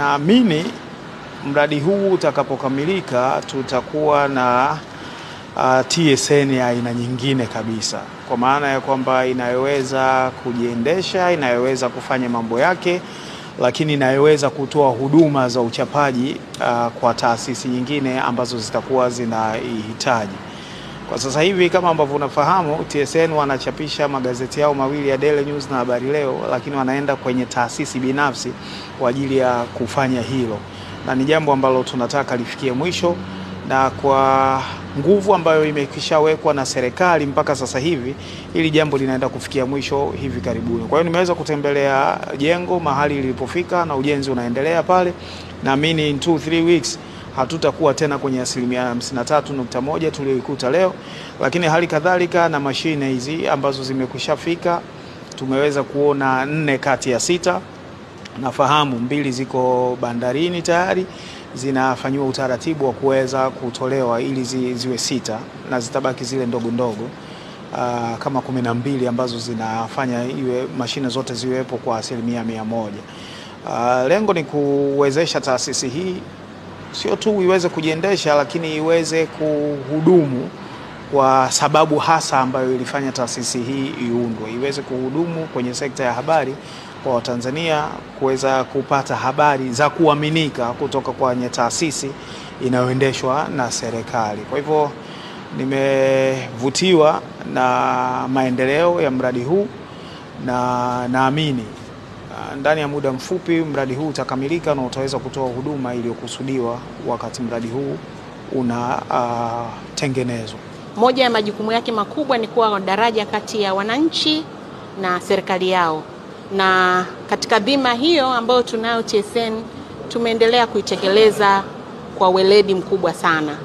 naamini mradi huu utakapokamilika tutakuwa na uh, ah, TSN ya aina nyingine kabisa, kwa maana ya kwamba inayoweza kujiendesha, inayoweza kufanya mambo yake, lakini inayoweza kutoa huduma za uchapaji uh, kwa taasisi nyingine ambazo zitakuwa zinaihitaji. Kwa sasa hivi kama ambavyo unafahamu, TSN wanachapisha magazeti yao mawili ya Daily News na Habari Leo, lakini wanaenda kwenye taasisi binafsi kwa ajili ya kufanya hilo, na ni jambo ambalo tunataka lifikie mwisho na kwa nguvu ambayo imekishawekwa na serikali mpaka sasa hivi, ili jambo linaenda kufikia mwisho hivi karibuni. Kwa hiyo nimeweza kutembelea jengo mahali lilipofika na ujenzi unaendelea pale, naamini in 2 3 weeks hatutakuwa tena kwenye asilimia tatu nukta moja tuliyoikuta leo, lakini hali kadhalika na mashine hizi ambazo zimekushafika tumeweza kuona nne kati ya sita. Nafahamu mbili ziko bandarini tayari zinafanyiwa utaratibu wa kuweza kutolewa ili zi, ziwe sita na zitabaki zile ndogo ndogo ah, kama kumi na mbili ambazo zinafanya iwe mashine zote ziwepo kwa asilimia mia moja. Aa, ah, lengo ni kuwezesha taasisi hii sio tu iweze kujiendesha, lakini iweze kuhudumu kwa sababu hasa ambayo ilifanya taasisi hii iundwe, iweze kuhudumu kwenye sekta ya habari kwa Watanzania kuweza kupata habari za kuaminika kutoka kwenye taasisi inayoendeshwa na serikali. Kwa hivyo nimevutiwa na maendeleo ya mradi huu na naamini ndani ya muda mfupi mradi huu utakamilika na utaweza kutoa huduma iliyokusudiwa wakati mradi huu unatengenezwa. Uh, moja ya majukumu yake makubwa ni kuwa daraja kati ya wananchi na serikali yao, na katika dhima hiyo ambayo tunayo TSN tumeendelea kuitekeleza kwa weledi mkubwa sana,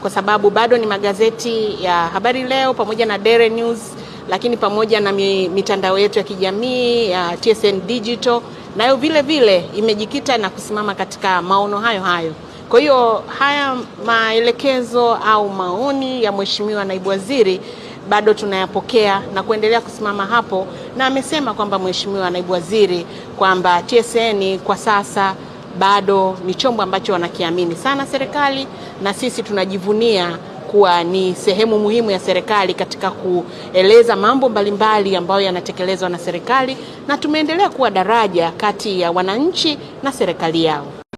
kwa sababu bado ni magazeti ya Habari Leo pamoja na Dere News lakini pamoja na mitandao yetu ya kijamii ya TSN Digital nayo vile vile imejikita na kusimama katika maono hayo hayo. Kwa hiyo haya maelekezo au maoni ya Mheshimiwa Naibu Waziri bado tunayapokea na kuendelea kusimama hapo, na amesema kwamba Mheshimiwa Naibu Waziri kwamba TSN kwa sasa bado ni chombo ambacho wanakiamini sana serikali, na sisi tunajivunia kuwa ni sehemu muhimu ya serikali katika kueleza mambo mbalimbali ambayo yanatekelezwa na serikali na tumeendelea kuwa daraja kati ya wananchi na serikali yao.